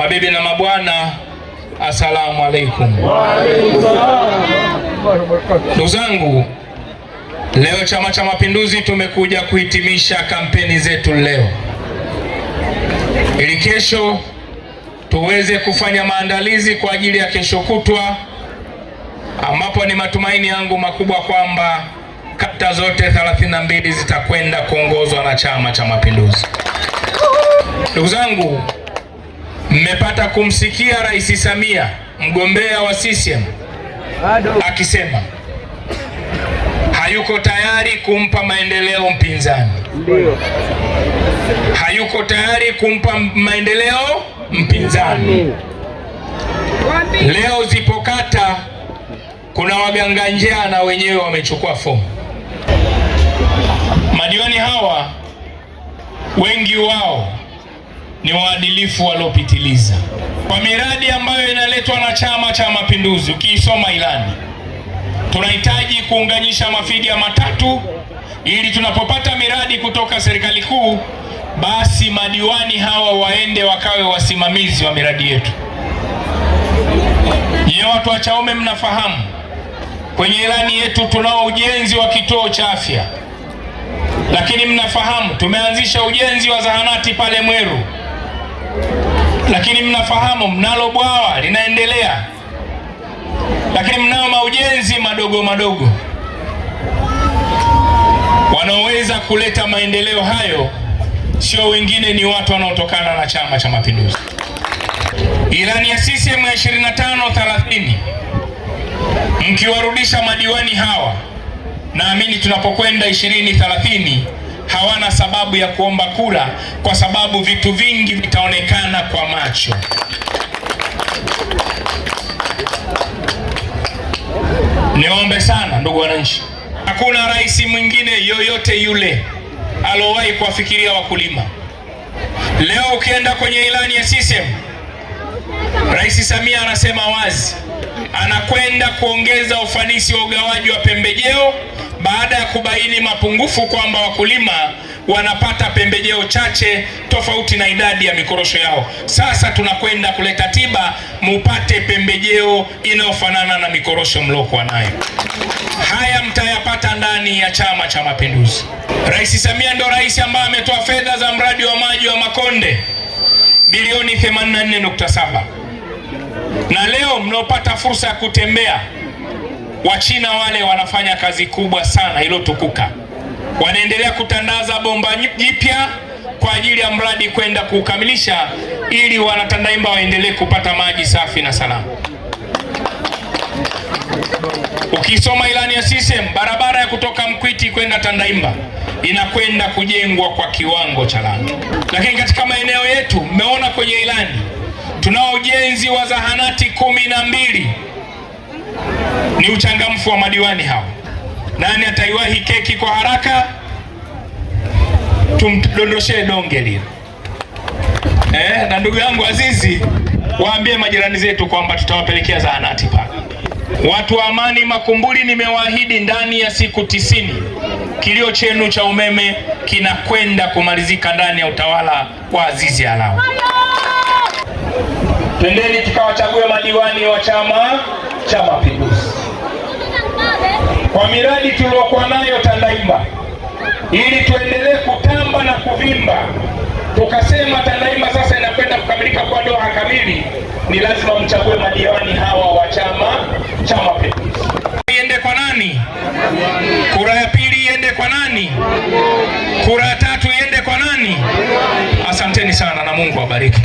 Mabibi na mabwana, asalamu alaikum. Ndugu zangu, leo Chama cha Mapinduzi tumekuja kuhitimisha kampeni zetu leo, ili kesho tuweze kufanya maandalizi kwa ajili ya kesho kutwa, ambapo ni matumaini yangu makubwa kwamba kata zote 32 zitakwenda kuongozwa na Chama cha Mapinduzi. Ndugu zangu mmepata kumsikia Rais Samia mgombea wa CCM akisema hayuko tayari kumpa maendeleo mpinzani, hayuko tayari kumpa maendeleo mpinzani. Leo zipo kata kuna waganga njaa na wenyewe wamechukua fomu. Madiwani hawa wengi wao ni waadilifu waliopitiliza kwa miradi ambayo inaletwa na Chama cha Mapinduzi. Ukiisoma ilani, tunahitaji kuunganisha mafiga matatu ili tunapopata miradi kutoka serikali kuu, basi madiwani hawa waende wakawe wasimamizi wa miradi yetu. Nyiye watu wa Chaume mnafahamu kwenye ilani yetu tunao ujenzi wa kituo cha afya, lakini mnafahamu tumeanzisha ujenzi wa zahanati pale Mweru lakini mnafahamu mnalo bwawa linaendelea, lakini mnao maujenzi madogo madogo. Wanaoweza kuleta maendeleo hayo sio wengine, ni watu wanaotokana na Chama cha Mapinduzi. Ilani ya CCM ya 25 30 mkiwarudisha madiwani hawa, naamini tunapokwenda 20 30 hawana sababu ya kuomba kura, kwa sababu vitu vingi vitaonekana kwa macho. Niombe sana ndugu wananchi, hakuna rais mwingine yoyote yule alowahi kuwafikiria wakulima. Leo ukienda kwenye ilani ya CCM, Rais Samia anasema wazi anakwenda kuongeza ufanisi wa ugawaji wa pembejeo baada ya kubaini mapungufu kwamba wakulima wanapata pembejeo chache tofauti na idadi ya mikorosho yao. Sasa tunakwenda kuleta tiba, mupate pembejeo inayofanana na mikorosho mliokuwa nayo. Haya mtayapata ndani ya Chama cha Mapinduzi. Rais Samia ndo rais ambaye ametoa fedha za mradi wa maji wa Makonde bilioni 84.7 na leo mnaopata fursa ya kutembea Wachina wale wanafanya kazi kubwa sana iliyotukuka, wanaendelea kutandaza bomba jipya kwa ajili ya mradi kwenda kuukamilisha, ili wanatandaimba waendelee kupata maji safi na salama. Ukisoma ilani ya CCM, barabara ya kutoka Mkwiti kwenda Tandaimba inakwenda kujengwa kwa kiwango cha lami. Lakini katika maeneo yetu mmeona kwenye ilani tunao ujenzi wa zahanati kumi na mbili ni uchangamfu wa madiwani hao. Nani ataiwahi keki kwa haraka? Tumdondoshee donge lile eh. Na ndugu yangu Azizi, waambie majirani zetu kwamba tutawapelekea zahanati pale. Watu wa Amani Makumbuli, nimewaahidi ndani ya siku tisini kilio chenu cha umeme kinakwenda kumalizika ndani ya utawala wa Azizi Alao. Twendeni tukawachague madiwani wa Chama cha Mapinduzi kwa miradi tuliokuwa nayo Tandaimba ili tuendelee kutamba na kuvimba. Tukasema Tandaimba sasa inakwenda kukamilika kwa doha kamili, ni lazima mchague madiwani hawa wa Chama cha Mapinduzi. Iende kwa nani? Kura ya pili iende kwa nani? Kura ya tatu iende kwa nani? Asanteni sana na Mungu awabariki.